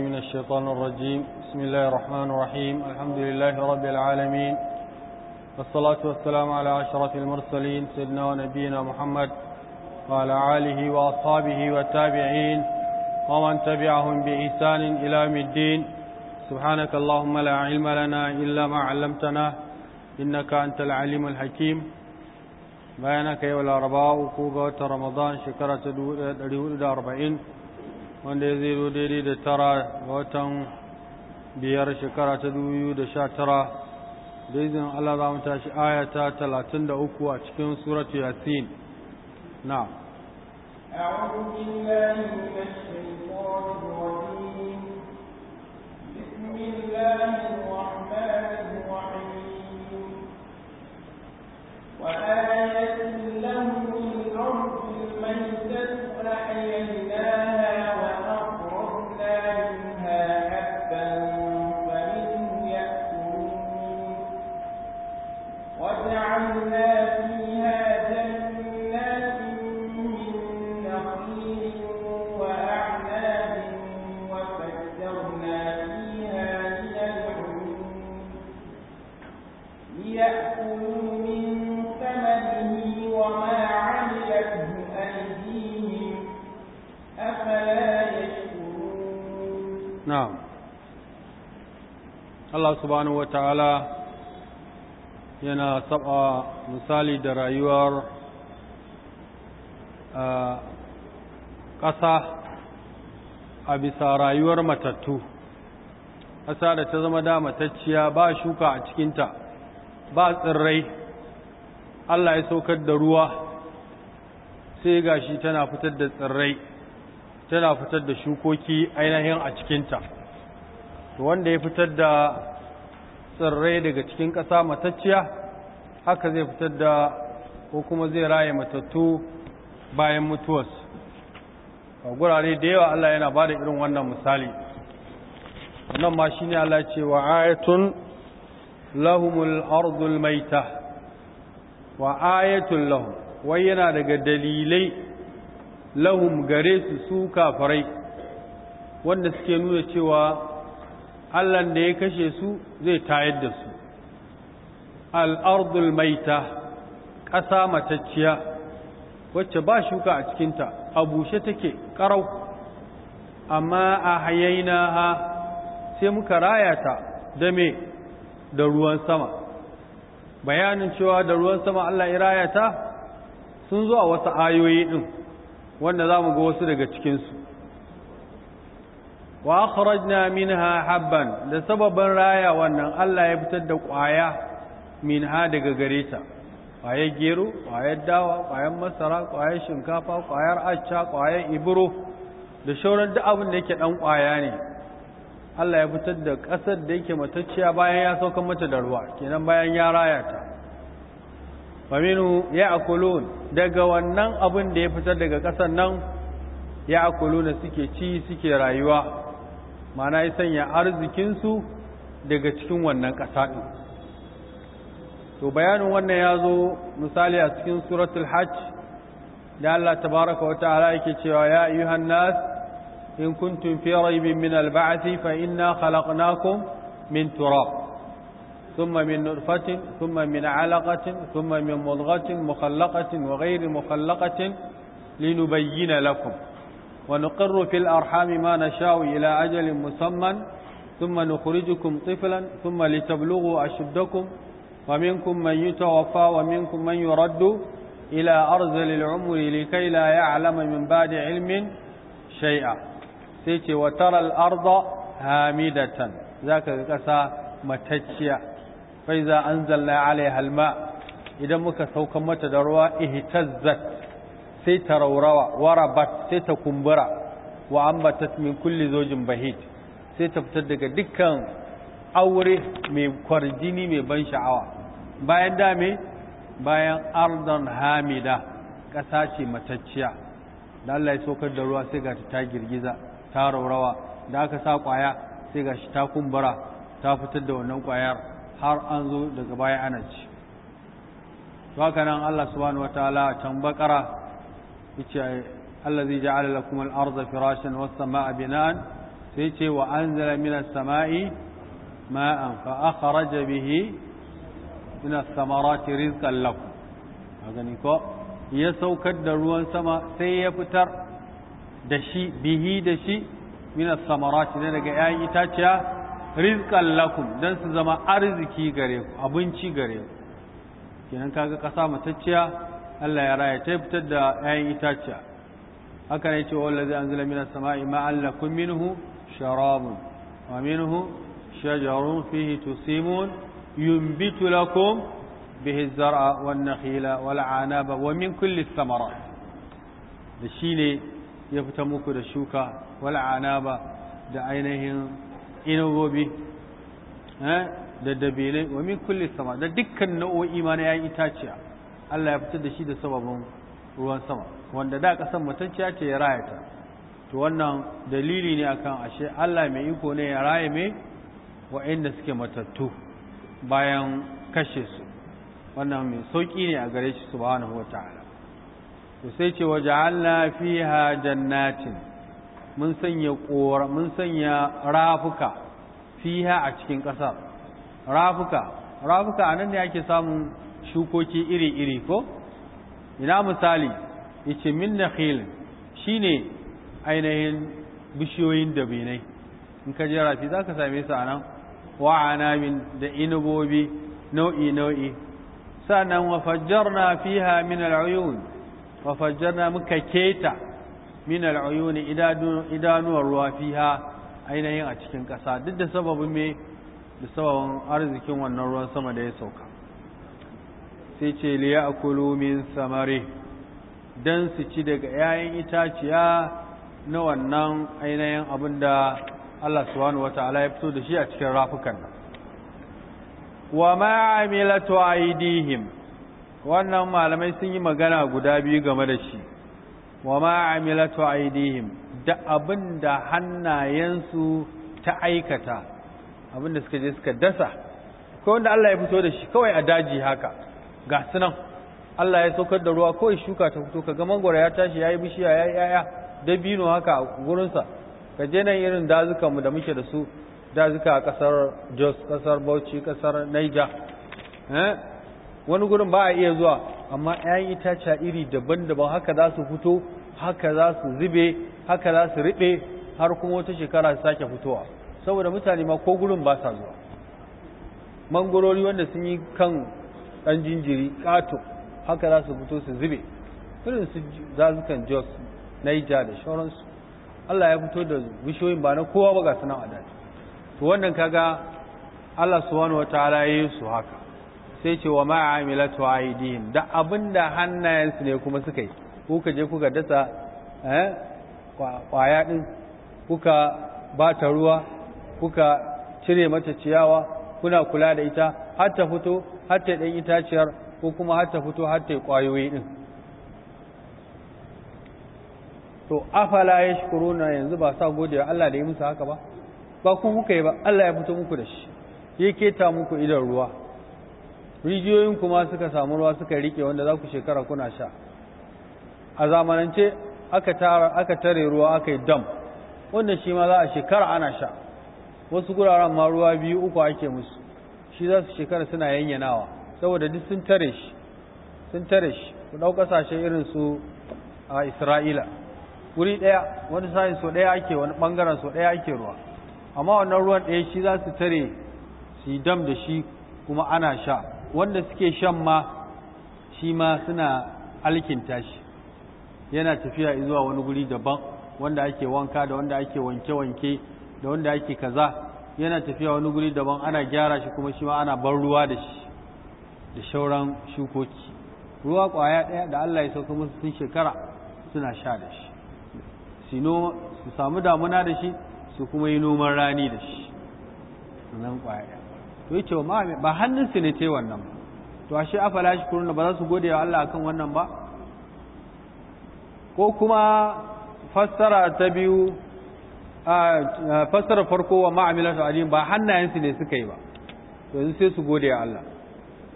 من الشيطان الرجيم بسم الله الرحمن الرحيم الحمد لله رب العالمين والصلاة والسلام على أشرف المرسلين سيدنا ونبينا محمد وعلى آله وأصحابه والتابعين ومن تبعهم بإحسان إلى يوم الدين سبحانك اللهم لا علم لنا إلا ما علمتنا إنك أنت العليم الحكيم بيانك يا الأربعاء وقوبة رمضان شكرة 140 wanda ya zero daidai da tara ga watan biyar shekara ta dubu da sha tara da izinin Allah za mu tashi aya talatin da uku a cikin suratu yasin na أعوذ Allah subhanahu wata'ala yana saba misali da rayuwar ƙasa a bisa rayuwar matattu ƙasa da ta zama da matacciya ba shuka a cikinta ba tsirrai Allah ya saukar da ruwa sai gashi tana fitar da tsirrai tana fitar da shukoki ainihin a cikinta to wanda ya fitar da tsirrai daga cikin ƙasa matacciya haka zai fitar da ko kuma zai raye matattu bayan mutuwarsu a gurare da yawa Allah yana ba da irin wannan misali wannan ma shi ne Allah ce wa ayatun lahumul ardul maita wa ayatun lahum wai yana daga dalilai lahum gare su su kafarai wanda suke nuna cewa Allah da ya kashe su zai tayar da su al'ardul maita ƙasa matacciya wacce ba shuka a cikinta a bushe take ƙarau amma a hayaina ha sai muka raya ta da da ruwan sama bayanin cewa da ruwan sama Allah ya raya sun zo a wasu ayoyi ɗin wanda za mu ga wasu daga cikinsu wa akhrajna minha habban da sababan raya wannan Allah ya fitar da ƙwaya minha daga gare ta ƙwayar gero ƙwayar dawa ƙwayar masara ƙwayar shinkafa ƙwayar acca ƙwayar ibro, da shauran duk abin da yake ɗan ƙwaya ne Allah ya fitar da ƙasar da yake matacciya bayan ya sauka mata da ruwa kenan bayan ya raya ta faminu ya akulun daga wannan abin da ya fitar daga ƙasar nan ya akuluna suke ci suke rayuwa mana ya sanya arzikinsu daga cikin wannan ƙasa ɗin to bayanin wannan ya zo misali a cikin suratul hajj da Allah tabaraka wa ta'ala yake cewa ya ayyuhan nas in kuntum fi raybin min al-ba'thi fa inna khalaqnakum min turab thumma min nutfatin thumma min 'alaqatin thumma min mudghatin mukhallaqatin wa ghayri mukhallaqatin linubayyana lakum ونقر في الأرحام ما نشاء إلى أجل مسمى ثم نخرجكم طفلا ثم لتبلغوا أشدكم ومنكم من يتوفى ومنكم من يرد إلى أرزل العمر لكي لا يعلم من بعد علم شيئا سيتي وترى الأرض هامدة ذاك القسى متجية فإذا أنزلنا عليها الماء إذا مكثوك متدروا اهتزت sai ta raurawa warabat sai ta kumbura wa ambatat min kulli zojin bahid sai ta fitar daga dukkan aure mai kwarjini mai ban sha'awa bayan dame bayan ardan hamida ƙasa ce matacciya da Allah ya saukar da ruwa sai ga ta girgiza ta raurawa da aka sa ƙwaya sai ga shi ta kumbura ta fitar da wannan ƙwayar har an zo daga baya ana ci to haka nan Allah subhanahu wataala can bakara yace allazi ja'ala lakum al-ardha firashan was-samaa binaan sai ce wa anzala minas samai ma'an fa akhraja bihi minas samarati rizqan lakum gani ko ya saukar da ruwan sama sai ya fitar da shi bihi da shi minas samarati ne daga 'ya'yan itaciya rizqan lakum dan su zama arziki gare ku abinci gare ku kenan kaga kasa matacciya Allah ya raya ta fitar da 'ya'yan itaciya haka ne cewa wallazi anzala minas sama'i ma'an lakum minhu sharabun wa minhu shajarun fihi tusimun yunbitu lakum bihi az-zar'a wan nakhila wal 'anaba wa min kulli thamarat da shine ya fita muku da shuka wal 'anaba da ainihin inabobi eh, da dabilai wa min kulli sama da dukkan nau'o'i ma na yayin itaciya Allah ya fitar da shi da sababin ruwan sama wanda da ƙasar ya ce ya raya ta to wannan dalili ne akan ashe Allah mai iko ne ya raya mai wa'inda suke matattu bayan kashe su wannan mai sauƙi ne a gare shi subhanahu wata'ala to sai ce Allah fi ha jannatin mun sanya ƙora mun sanya rafuka fiha a cikin ƙasar rafuka rafuka anan ne ake samun shukoki iri-iri ko ina misali yace min nakhil shine ainihin bishiyoyin dabinai in ka je rafi ka same su anan wa anamin da inubobi nau'i nau'i sannan wa fajjarna fiha min al'uyun wa fajjarna muka keta min al'uyun idanuwar ruwa fiha ainihin a cikin ƙasa duk da sababin me da sababin arzikin wannan ruwan sama da ya sauka sai ce liya min samari don su ci daga 'ya'yan itaciya na wannan ainihin abin da Allah subhanahu wa ta'ala ya fito da shi a cikin rafukan nan wa amilatu aidihim wannan malamai sun yi magana guda biyu game da shi wa amilatu aidihim da abin da hannayensu ta aikata abin da suka je suka dasa ko wanda Allah ya fito da shi kawai a daji haka ga sunan Allah ya saukar da ruwa kawai shuka ta fito kaga mangwara ya tashi yayi bishiya yayi yaya dabino haka a gurinsa ka je nan irin dazukanmu da muke da su dazuka a kasar Jos kasar Bauchi kasar Niger eh wani gurin ba a iya zuwa amma 'ya'yan itace iri daban-daban haka za su fito haka za su zube haka za su riɓe har kuma wata shekara su sake fitowa saboda mutane ma ko gurin ba sa zuwa mangorori wanda sun yi kan ɗan jinjiri ƙato haka za su fito su zube irin su zazukan jos na ija da shauransu allah ya fito da bishiyoyin ba na kowa ba ga suna a to wannan kaga allah subhanahu wa ya yi su haka sai ce wa ma'amilatu dihin, da abinda hannayensu ne kuma suka yi kuka je kuka dasa eh, kwaya din kuka bata ruwa kuka cire mata ciyawa kuna kula da ita har ta fito har ta ɗan itaciyar ko kuma har ta fito har ta ƙwayoyi ɗin to afala ya shi korona yanzu ba sa gode Allah da ya musu haka ba ba kun kuka yi ba Allah ya fito muku da shi ya keta muku idan ruwa rijiyoyin kuma suka samu ruwa suka rike wanda za ku shekara kuna sha a zamanance aka tara aka tare ruwa aka yi dam wanda shi ma za a shekara ana sha wasu guraren ma ruwa biyu uku ake musu shi za su shekara suna yanyanawa saboda duk sun tare shi sun tare shi ku ɗau ƙasashe irin su a isra'ila wuri ɗaya wani sa'in so ɗaya ake wani ɓangaren so ɗaya ake ruwa amma wannan ruwan ɗaya shi za su tare su yi dam da shi kuma ana sha wanda suke shan ma shi ma suna alkinta shi yana tafiya zuwa wani guri daban wanda ake wanka da wanda ake wanke-wanke da wanda ake kaza yana tafiya wani guri daban ana gyara shi kuma shi ma ana ban ruwa da shi da shauran shukoki ruwa kwaya ɗaya da Allah ya sauka musu sun shekara suna sha da shi su samu damuna da shi su kuma yi noman rani da shi nan kwaya ɗaya to yace ba hannun su ne ta wannan ba to ashe afala shi kuruna ba za su gode wa Allah akan wannan ba ko kuma fassara ta biyu fassara farko wa ma'amilatu alim ba hannayensu ne suka yi ba yanzu sai su gode wa Allah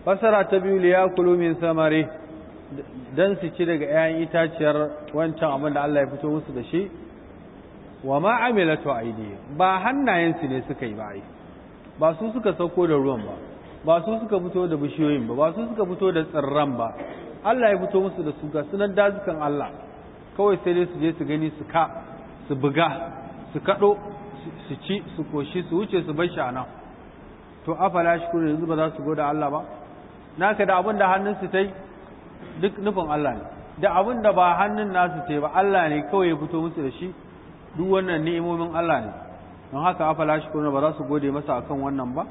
fassara ta biyu li yakulu min samari dan su ci daga 'ya'yan itaciyar wancan abin da Allah ya fito musu da shi wa ma'amilatu aidi ba hannayensu ne suka yi ba ai ba su suka sauko da ruwan ba ba su suka fito da bishiyoyin ba ba su suka fito da tsirran ba Allah ya fito musu da su ga sunan dazukan Allah kawai sai dai su je su gani su ka su buga su kaɗo su ci su koshi su wuce su bar shi a nan to afala yanzu ba za su goda Allah ba naka da abin da su ta yi duk nufin Allah ne da abin da ba hannun nasu ta yi ba Allah ne kawai ya fito musu da shi duk wannan ni'imomin Allah ne don haka afala kuri ba za su gode masa akan wannan ba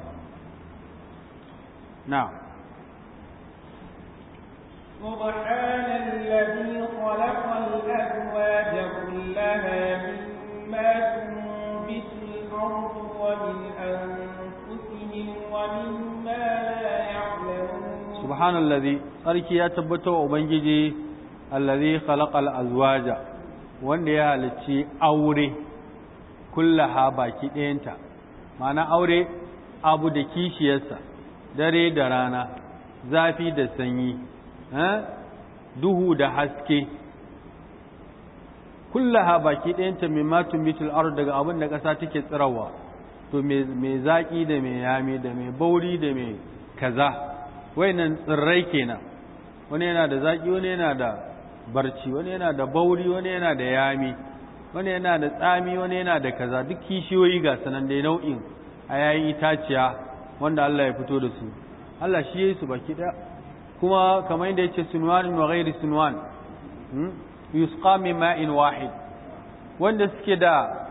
na سبحان الذي خلق الأزواج كلها مما تنبت الأرض ومن أنفسهم ومما لا يعلمون سبحان الذي أركي يا تبتو أبنجي الذي خلق الأزواج wanda ya halarci aure kullaha baki ɗayanta ma'ana aure abu da kishiyarsa dare da rana zafi da sanyi duhu da haske kullaha baki ɗayanta mai matun mitul aro daga abin da ƙasa take tsirawa to mai zaƙi da mai yami da mai bauri da mai kaza nan tsirrai kenan wani yana da zaƙi wani yana da barci wani yana da bauri wani yana da yami wani yana da tsami wani yana da kaza duk kishiyoyi ga sanan dai nau'in a yayin itaciya wanda Allah ya fito da su Allah shi yayi su baki ɗaya kuma kamar yadda yace sunwan wa ghairi sunwan hmm? yusqa min ma'in wahid wanda suke da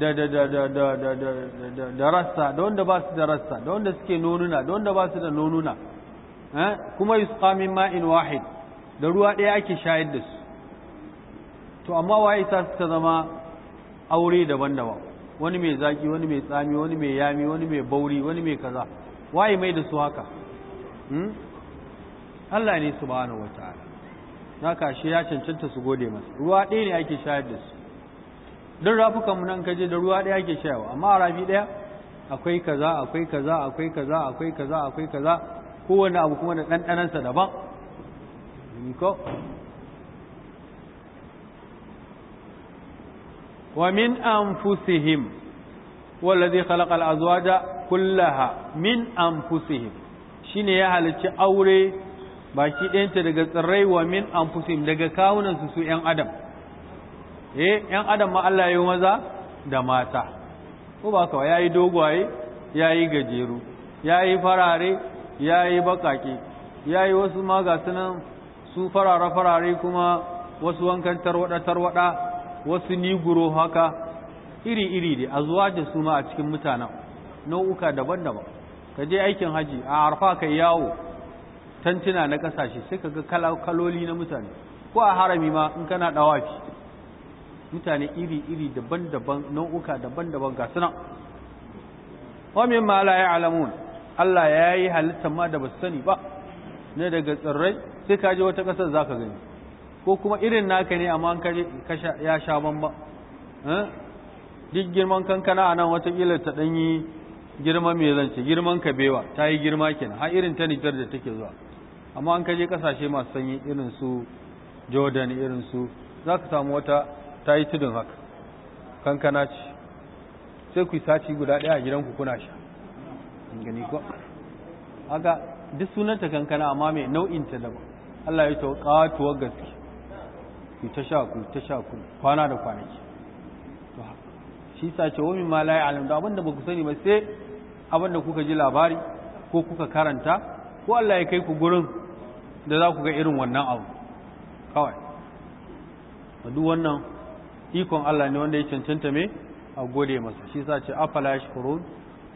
da da da da da da da da rassa da wanda ba su da rassa da wanda suke nonuna da wanda ba su da nonuna eh kuma yusqa min ma'in wahid da ruwa ɗaya ake shayar da su to amma waye ta suka zama aure daban-daban wani mai zaki wani mai tsami wani mai yami wani mai bauri wani mai kaza waye mai da su haka hmm? Allah ne subhanahu ta'ala haka shi ya cancanta su gode masa ruwa ɗaya ne ake shayar da su duk rafukan mu nan kaje da ruwa ɗaya ake shayarwa amma a rafi ɗaya akwai kaza akwai kaza akwai kaza akwai kaza akwai kaza kowane abu kuma da ɗanɗanansa daban ko wa min anfusihim wallazi khalaqa al-azwaja kullaha min anfusihim shine ya halicci aure baki ɗayanta daga tsirrai wa min fusim daga kawunansu su ‘yan adam eh ‘yan adam ma Allah ya yi maza da mata ko ba kawai ya yi dogwaye ya yi gajeru ya yi farare ya yi baƙaƙe ya yi wasu ma ga sunan su farare-farare kuma wasu wankan tarwada tarwada wasu niguro haka iri-iri da a zuwa da su ma a cikin mutanen nau'uka daban-daban ka je aikin haji a arfa ka yawo tantuna na kasashe sai ga kaloli na mutane ko a harami ma in kana dawafi mutane iri-iri daban-daban nau'uka daban-daban ga suna wa ma la ya'lamun Allah ya yi halittar ma da basu sani ba ne daga tsirrai sai ka je wata ƙasar za ka gani ko kuma irin naka ne amma ya sha bamba eh? duk girman kankana a nan watakila ta ɗanyi girma mai zance girman kabewa ta yi girma kenan har irin ta nijar da take zuwa amma an kaje kasashe masu sanyi irin su jordan irin su za ka samu wata ta yi tudun haka kankana ce sai ku yi saci guda ɗaya a gidanku kuna sha gani ko haka duk sunanta kankana amma mai nau'inta daban Allah ya tawo katuwar gaske ku ta sha ku ta sha ku kwana da kwanaki to shi sa ce wani ma la ya'lam da abinda baku sani ba sai abinda kuka ji labari ko kuka karanta ko Allah ya kai ku gurin da za ku ga irin wannan abu kawai duk wannan ikon Allah ne wanda ya cancanta me a gode masa shi sa ce afala shkurun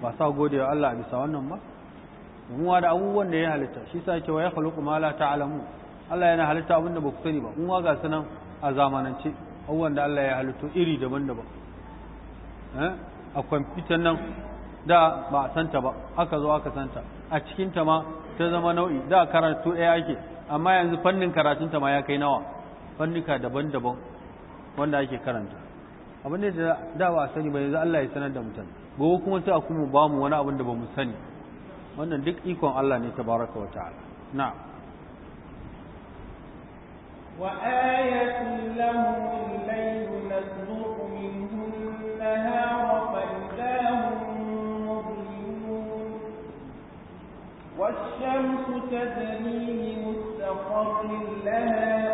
ba sa gode wa Allah bisa wannan ba kuma da abubuwan da ya halitta shi sa ce wa ya kuma ma la alamu Allah yana halitta abin da ba ku sani ba kuma ga sanan a zamanance abubuwan da Allah ya halitta iri daban-daban eh? a kwamfitan nan da ba a santa ba aka zo aka santa a cikinta ma ta zama nau'i da karatu ɗaya ake amma yanzu fannin karatunta ma ya kai nawa fannika daban-daban wanda ake karanta abin da da ba a sani ba yanzu Allah ya sanar da mutane gobe kuma sai a kuma ba mu wani abin da ba mu sani wannan duk ikon Allah ne tabaraka wa ta'ala na'am وآية لهم الليل نسلق منه النهار والشمس تجري لمستقر لها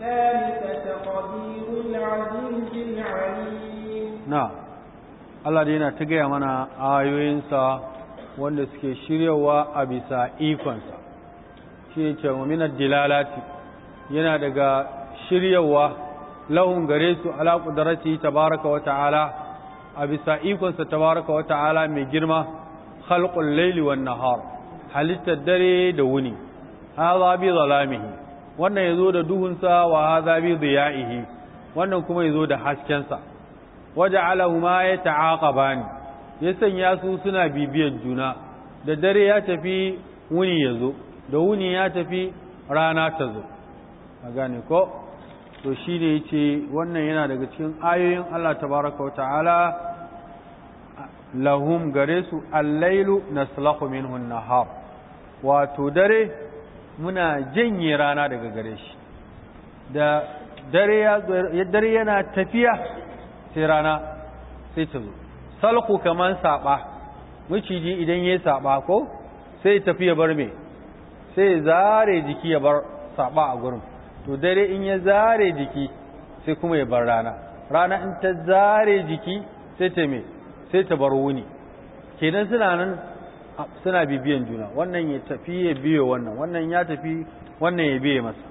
ذلك تقدير العزيز العليم نعم Allah dai yana ta gaya mana ayoyinsa wanda suke shiryawa a bisa ikonsa shi ne ce minar dilalati yana daga shiryawa lahun gare su ala ta baraka wa ta'ala a bisa ikonsa baraka wa ta'ala mai girma khalqul laili wannan nahar halittar dare da wuni haza bi zalamihi wannan ya zo da duhunsa wa haza bi ziya’ihi, wannan kuma ya zo da haskensa waje ma ya ni ya sanya su suna bibiyar juna da dare ya tafi wuni ya zo da wuni ya tafi rana ta zo a gane ko to shi ne ya ce wannan yana daga cikin ayoyin Allah tabaraka wa ta'ala lahum gare su allailu naslahu minhu wato dare muna janye rana daga gare shi da dare yana tafiya sai rana sai ta zo salku kamar saba maciji idan ya saba ko sai tafi bar me sai zare jiki ya bar saba a gurin to dare in ya zare jiki sai kuma ya bar rana rana in ta zare jiki sai ta me sai ta bar wuni kenan suna nan suna bibiyan juna wannan ya tafi ya biyo wannan wannan ya tafi wannan ya biye masa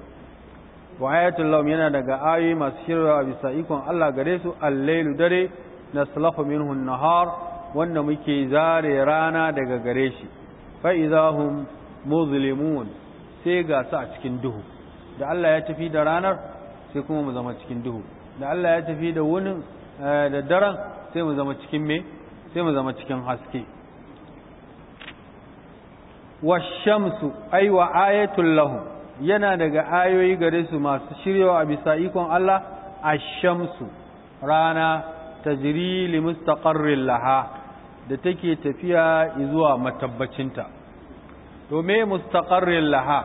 wa ayatul lawm yana daga ayi masu shirwa bisa ikon Allah gare su al-lailu dare naslahu minhu an-nahar wanda muke zare rana daga gare shi fa idahum muzlimun sai ga su a cikin duhu da Allah ya tafi da ranar sai kuma mu zama cikin duhu da Allah ya tafi da wunin eh, da daren sai mu zama cikin me sai mu zama cikin haske washamsu ai wa ayatul lahu yana daga ayoyi gare su masu shiryawa a bisa ikon Allah ashamsu rana tajri li mustaqarrin laha da take tafiya zuwa matabbacinta to me mustaqarrin laha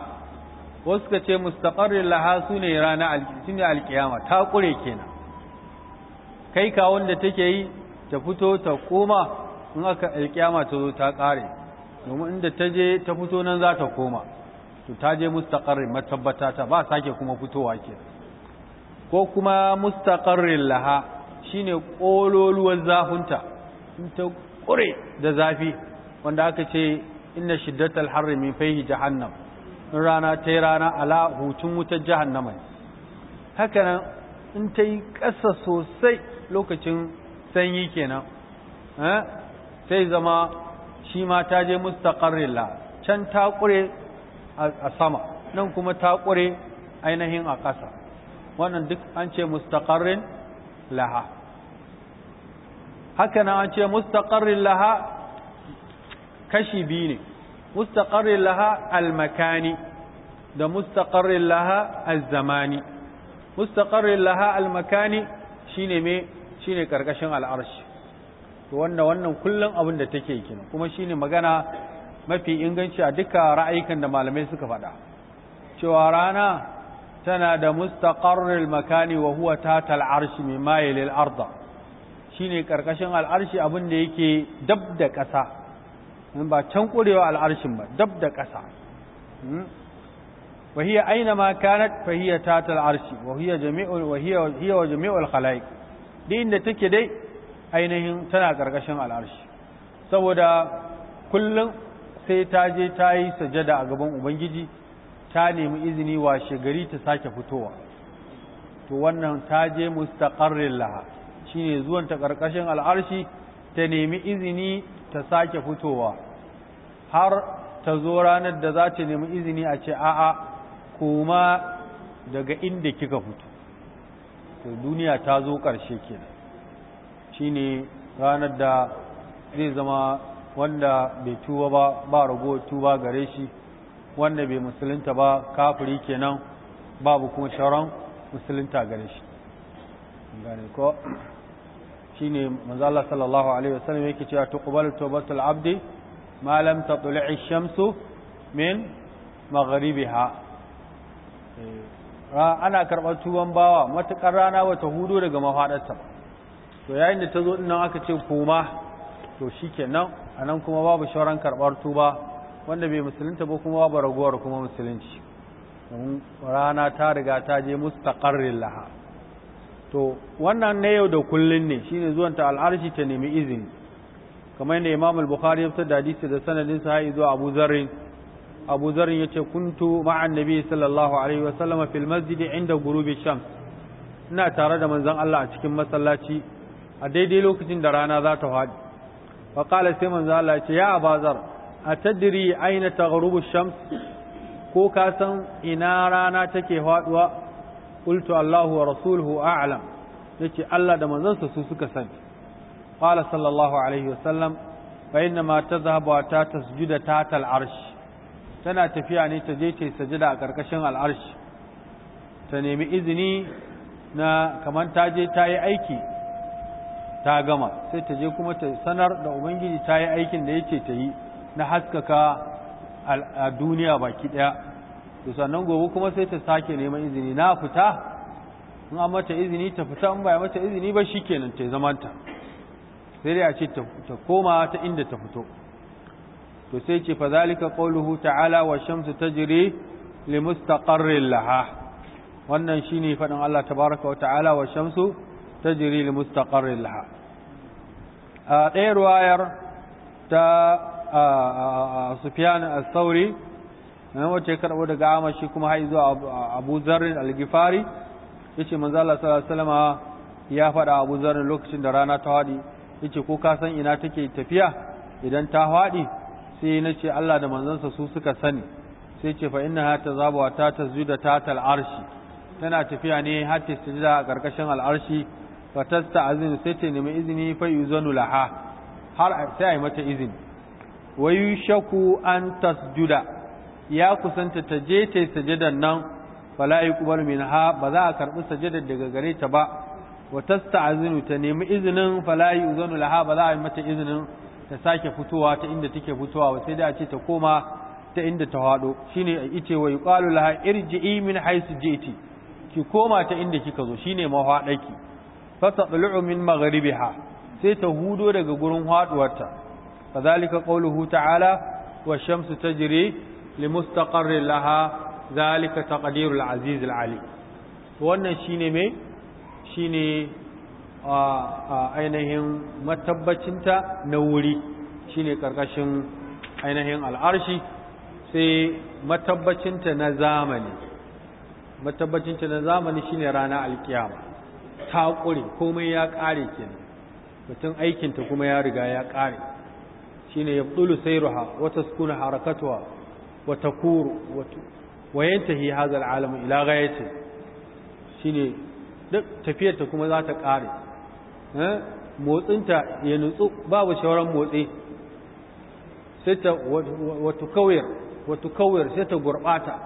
wasu ka ce mustaqarrin laha sune rana shine alkiyama ta kure kenan kai ka wanda take yi ta fito ta koma in aka alkiyama ta zo ta kare domin inda ta je ta fito nan za ta koma to ta je mustaqarrin matabbata ta ba sake kuma fitowa ke ko kuma mustaqarrin laha shine kololuwar zafinta in ta ƙure da zafi wanda aka ce inna shiddatal harri min fayhi jahannam in rana ta yi rana ala hutun wutar jahannama haka nan in ta yi ƙasa sosai lokacin sanyi kenan eh, sai zama shi ma ta je mustaqarrilla can ta kure a sama nan kuma ta kure ainihin a ƙasa wannan duk an ce mustaqarrin laha haka nan an ce mustaqarrin laha kashi biyu ne mustaqarrin laha almakani da mustaqarrin laha al-zamani. mustaqarrin laha almakani shine me shine karkashin al'arshi to wanda wannan kullum abin da take kina, kuma shine magana mafi inganci a duka ra'ayikan da malamai suka faɗa cewa rana tana da mustaqarril makani wa huwa tatal arshi mimma mailil arda shine karkashin al'arshi abin da yake dab da ƙasa in ba can kurewa al'arshin ba dab da ƙasa وهي أينما كانت فهي تات العرش وهي hiya wa jami'u al khalaiq din da take dai. ainihin tana ƙarƙashin al'arshi saboda kullum sai ta je ta yi sajada a gaban ubangiji ta nemi izini wa gari ta sake fitowa to wannan ta je mustaƙarrin laha shi ne zuwan ta ƙarƙashin al'arshi ta nemi izini ta sake fitowa har ta zo ranar da za ta nemi izini a ce a'a koma daga inda kika fito to duniya ta zo ƙarshe kenan shine ranar da zai zama wanda bai tuba ba ba rago tuba gare shi wanda bai musulunta ba kafiri kenan babu kuma sharon musulunta gare shi gane ko shine manzo Allah sallallahu alaihi wasallam yake cewa tuqbalu tawbatul abdi ma lam tatlu'i shamsu min maghribiha eh, ana karɓar tuban bawa matuƙar rana bata hudu daga mafaɗarta ba to yayin da ta zo ɗin aka ce koma to shi kenan a nan kuma babu shauran karɓar tuba wanda bai musulunta ba kuma babu raguwar kuma musulunci rana ta riga ta je mustaqarrin laha to wannan na yau da kullun ne shine zuwan ta al'arshi ta nemi izini kamar yadda Imam al-Bukhari ya fitar da hadisi da sanadin sa hayi zuwa Abu zarri Abu zarri yace kuntu ma'a annabi sallallahu alaihi wa sallama fil masjid inda gurubin shams ina tare da manzon Allah a cikin masallaci a daidai lokacin da rana za ta faɗi fa sai manzo Allah ya ce ya abazar atadri aina taghrubu shams ko ka san ina rana take haɗuwa? qultu Allahu wa rasuluhu a'lam yace Allah da manzansa su suka san. qala sallallahu alaihi wasallam fa inna ma tadhhabu ta tasjuda ta al tana tafiya ne ta je ta sajada a karkashin al'arsh ta nemi izini na kamar ta je ta yi aiki ta gama sai ta je kuma ta sanar da ubangiji ta yi aikin da yake ta yi na haskaka a duniya baki daya to sannan gobe kuma sai ta sake neman izini na fita in an mata izini ta fita in ba mata izini ba shikenan ta zamanta sai dai a ce ta koma ta inda ta fito to sai ce fa zalika qawluhu ta'ala wa shamsu tajri li mustaqarrin laha wannan shine faɗin Allah tabaaraka wa ta'ala wa shamsu تجري لمستقر لها laha a تا سفيان الثوري Sufyan al-Thawri wacce karɓo daga kuma har zuwa Abu Zarr al yace manzo Allah sallallahu alaihi wasallam ya fada Abu Zarr lokacin da rana ta hadi yace ko ka san ina take tafiya idan ta hadi sai nace Allah da manzansa su suka sani sai ce fa zabu wa ta tazuda ta tal arshi tana tafiya ne har ta sujuda a karkashin arshi fatasta azin sai ta nemi izini fa yuzanu laha har sai ai mata izini wayu shaku an tasjuda ya kusanta ta je ta sajadan nan fala yuqbal minha ba za a karbi sajadar daga gare ta ba wa tasta'zinu ta nemi izinin fala yuzanu laha ba za a yi mata izinin ta sake fitowa ta inda take fitowa ba sai dai a ce ta koma ta inda ta hado shine a ice wa yuqalu laha irji'i min haythu ji'ti ki koma ta inda kika zo shine mahwadaki fatadlu min maghribiha sai ta hudo daga gurin haduwarta kazalika qauluhu ta'ala wash-shamsu tajri mustaqarrin laha zalika taqdirul aziz al-alim wannan shine me shine a ainihin matabbacinta na wuri shine karkashin ainihin al'arshi sai matabbacinta na zamani matabbacinta na zamani shine rana alkiyama ta ƙure komai ya ƙare kenan mutum aikinta kuma ya riga ya ƙare Shi ne shine sai sayruha wata taskuna harakatuha wata takuru wa wa yantahi hadha al'alam ila ghayati ce. duk ne tafiyarta kuma za ta ƙare eh, motsinta ya nutsu babu shauran motsi sai ta wata tukawir wata tukawir sai ta gurɓata.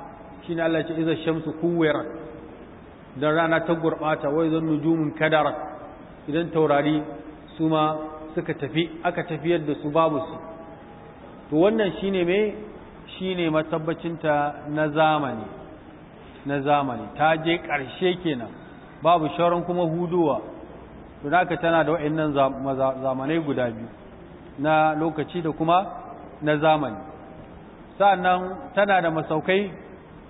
Shi ne Allah ce iza shamsu kuwirat idan rana ta gurɓata wai zan nujumun kadara idan taurari su ma suka tafi aka tafiyar da su babu su to wannan shine me shine matabbacinta na zamani na zamani ta je ƙarshe kenan babu shauran kuma huduwa to naka tana da wa'annan zamanai guda biyu na lokaci da kuma na zamani sa'annan tana da masaukai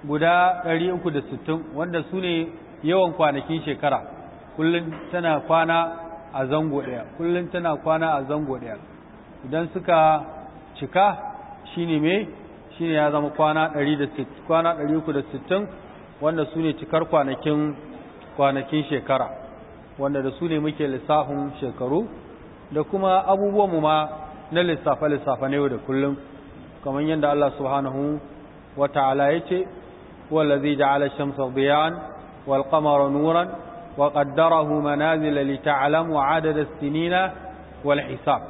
guda 360 wanda su ne yawan kwanakin shekara kullum tana kwana a zango ɗaya kullum tana kwana a zango ɗaya idan suka cika shine me shine ya zama kwana 160 kwana 360 wanda su cikar kwanakin kwanakin shekara wanda da su muke lissafin shekaru da kuma abubuwan mu ma na lissafa-lissafa na yau da kullum kamar yadda Allah subhanahu wa ta'ala ya ce wallazi ja'ala shamsa biyan والقمر نورا وقدره منازل لتعلموا عدد السنين والحساب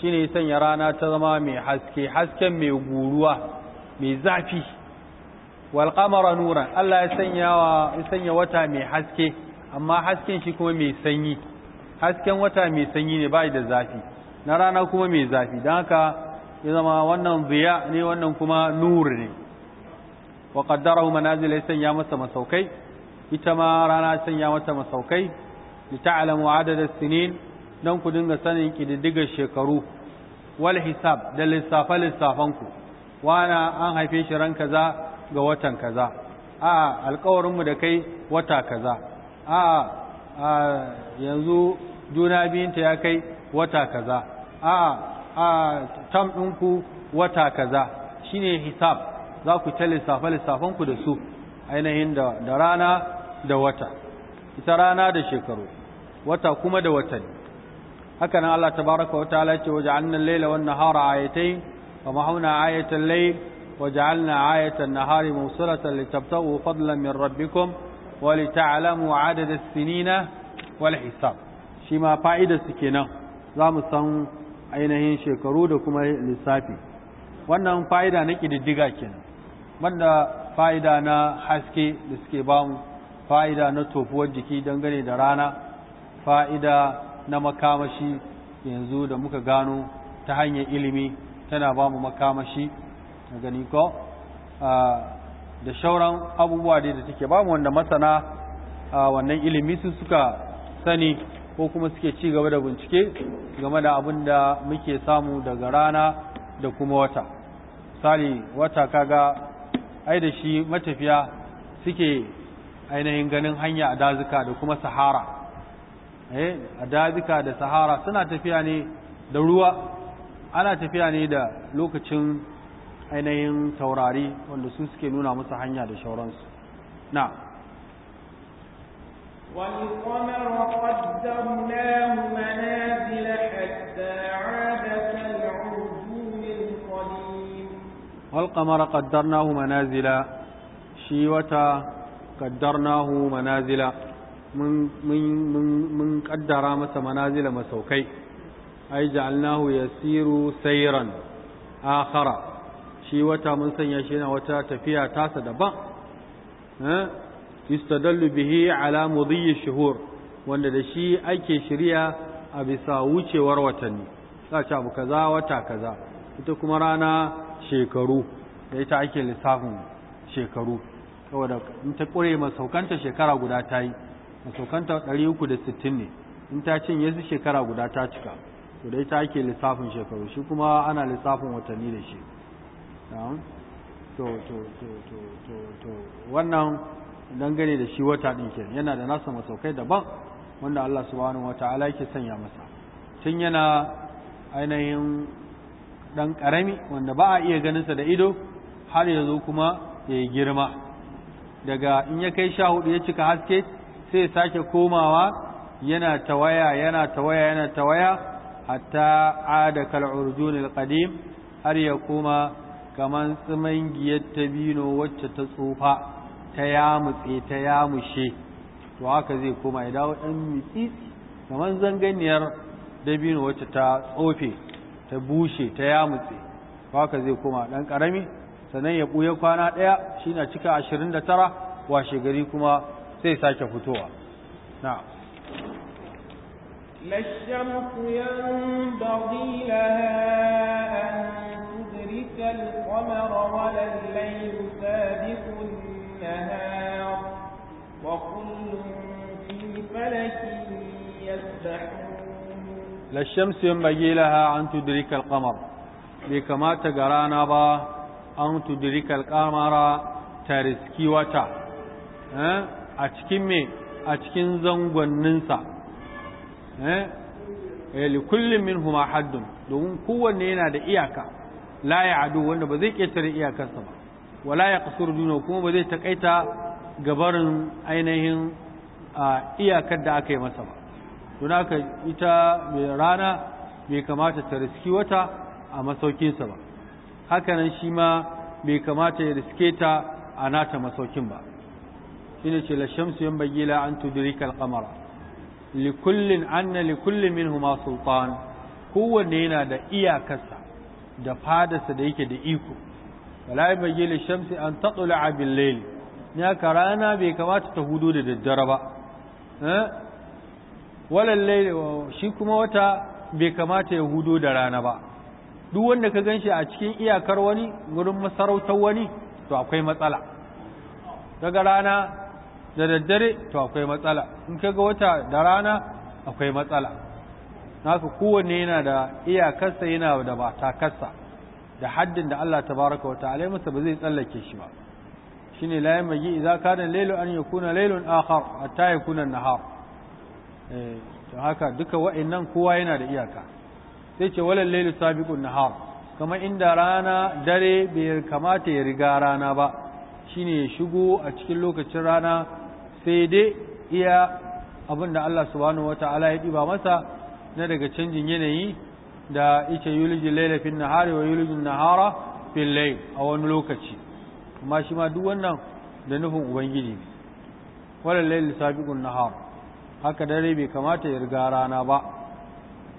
shine yasan ya rana ta zama mai haske hasken mai guruwa mai zafi wal nuran Allah ya sanya wata mai haske amma hasken shi kuma mai sanyi hasken wata mai sanyi ne bai da zafi na rana kuma mai zafi don haka ya zama wannan ziya ne wannan kuma nur ne wa qaddarahu manazil ya sanya masa masaukai ita ma rana sanya mata masaukai li ta'lamu adada sinin dan ku dinga sanin kididdiga shekaru wal hisab da lissafa lissafan ku wana an haife shi ran kaza ga watan kaza a alƙawarin mu da kai wata kaza a yanzu juna biyin ta ya kai wata kaza a a tam ɗinku wata kaza shine hisab za ku ta lissafa lissafanku da su ainihin da rana da wata ita rana da shekaru wata kuma da watanni haka nan Allah tabaraka wa ta'ala ce ja'alna al-laila wan nahara ayatayn wa mahawna ayatal layl waja'alna ayatan nahari mawsilatan litabtaghu fadlan min rabbikum wa lita'lamu 'adada as-sinina wal hisab shi ma fa'ida su kenan za mu san ainihin shekaru da kuma lissafi wannan fa'ida na kididdiga kenan banda fa'ida na haske da suke bamu fa'ida na tofuwar jiki dangane da rana fa'ida na makamashi yanzu da muka gano ta hanyar ilimi tana ba mu makamashi a gani ko ah, da shauran abubuwa dai da take ba mu wanda masana ah, wannan ilimi su suka sani ko kuma suke ci gaba da bincike game da abin da muke samu daga rana da kuma wata misali wata kaga ai da shi matafiya suke ainihin ganin hanya a dazuka da kuma sahara eh, a dazuka da sahara suna tafiya ne da ruwa ana tafiya ne da lokacin ainihin taurari wanda su suke nuna musu hanya da shauransu na والقمر قدرناه منازل حتى عاد كالعرجون القديم والقمر قدرناه منازل shi wata qaddarnahu manazila mun mun mun kaddara masa manazila masaukai ai ja'alnahu yasiru sayran akhara shi wata mun sanya shi yana wata tafiya tasa daban istadallu eh? bihi ala mudhi shuhur wanda da shi ake shirya a bisa wucewar watanni za ci abu kaza wata kaza ita kuma rana shekaru da ita ake lissafin shekaru saboda in ta ƙure masaukanta shekara guda ta yi masaukanta ɗari uku da sittin ne in ta cinye su shekara guda ta cika to dai ta ake lissafin shekaru shi kuma ana lissafin watanni da shi to to to to to to wannan dangane da shi wata ɗin ke yana da nasa masaukai daban wanda Allah subhanahu wataala yake sanya masa tun yana ainihin ɗan ƙarami wanda ba a iya ganinsa da ido har ya zo kuma ya yi girma daga in ya kai sha hudu ya cika haske sai sake komawa yana tawaya yana tawaya yana tawaya hatta ada kal urjunil qadim har ya koma kaman tsimangiyar tabino wacce ta tsufa ta yamutse ta yamushe to haka zai koma ya dawo dan mitsitsi kaman zanganiyar dabino wacce ta tsofe ta bushe ta yamutse to haka zai koma dan karami sannan ya ɓuya kwana ɗaya shi na cika ashirin da tara washe gari kuma sai sake fitowa na للشمس ينبغي لها أن تدرك القمر ولا الليل سابق النهار وكل في فلك يسبحون للشمس ينبغي لها أن تدرك القمر لكما تقرانا با an tudrikal qamara ta riski wata eh? a cikin me a cikin zangonninsa eh, eh li kullin huma haddun domin kowanne yana da iyaka la adu wanda ba zai ƙetare iyakarsa ba wala yaqsuru duna kuma ba zai takaita gabarin ainihin iyakar da aka yi masa ba don haka ita mai rana bai kamata ta riski wata a masaukinsa ba hakanan shi ma bai kamata ya riske ta a nata masaukin ba shi ne ce la shamsu yan bagila an tudurika al likullin anna likullin min sultan kowanne yana da iyakarsa da fadarsa da yake da iko wala bagila shamsu an tatla'a la'abin laili ya ka rana bai kamata ta hudu da daddare ba eh? walallai shi kuma wata bai kamata ya hudu da rana ba duk wanda ka ganshi a cikin iyakar wani wurin masarautar wani to akwai matsala daga rana da daddare to akwai matsala in ka ga wata da rana akwai matsala naka kowanne yana da iyakarsa yana da batakarsa da haddin da Allah ta baraka wa ta'ala masa ba zai tsallake shi ba shine la yamji idza kana laylu an yakuna laylun akhar hatta yakuna nahar eh to haka duka wa'annan kowa yana da iyaka sai ce walal lailu sabiqun nahar kamar inda rana dare bai kamata ya riga rana ba shine ya shigo a cikin lokacin rana sai dai iya abinda Allah Allah subhanahu wataala ya diba masa na daga canjin yanayi da ita yulijin laila fil nahari wa yulijin nahara fil layl a wani lokaci amma shi ma duk wannan da nufin ubangiji ne walal layl sabiqun nahar haka dare bai kamata ya riga rana ba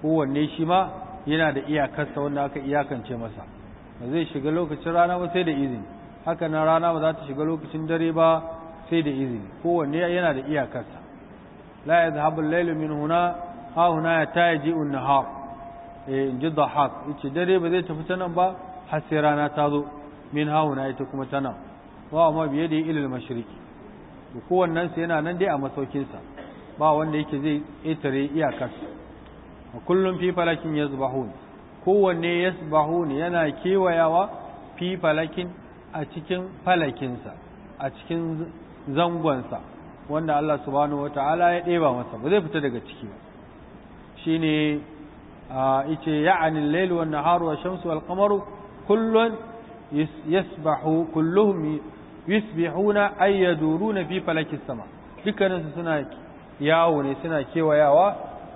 kowanne shi ma yana da iyakarsa wanda aka iyakance masa ba zai shiga lokacin rana ba sai da izini haka nan rana ba za ta shiga lokacin dare ba sai da izini kowanne yana da iyakarsa la ya zaha bin lailu min huna ha huna yataji'u an-nahar eh inji dhahab ce dare ba zai tafi ta nan ba har sai rana ta zo min ha huna ita kuma ta nan wa amma biye da ilil mashiriki ko wannan sa yana nan dai a masaukinsa ba wanda yake zai ƙetare iyakarsa kullum fi falakin yasbahun kowanne yasbahun yana kewayawa fifalakin falakin a cikin falakinsa a cikin zangonsa wanda Allah subhanahu ta'ala ya ɗeba masa ba zai fita daga ciki ba Shi ne a ya'ani ya layl wan nahar wa shamsu wal qamaru kullun yasbahu kulluhum yusbihuna ay yaduruna fi falakis sama dukkaninsu suna yawo ne suna kewayawa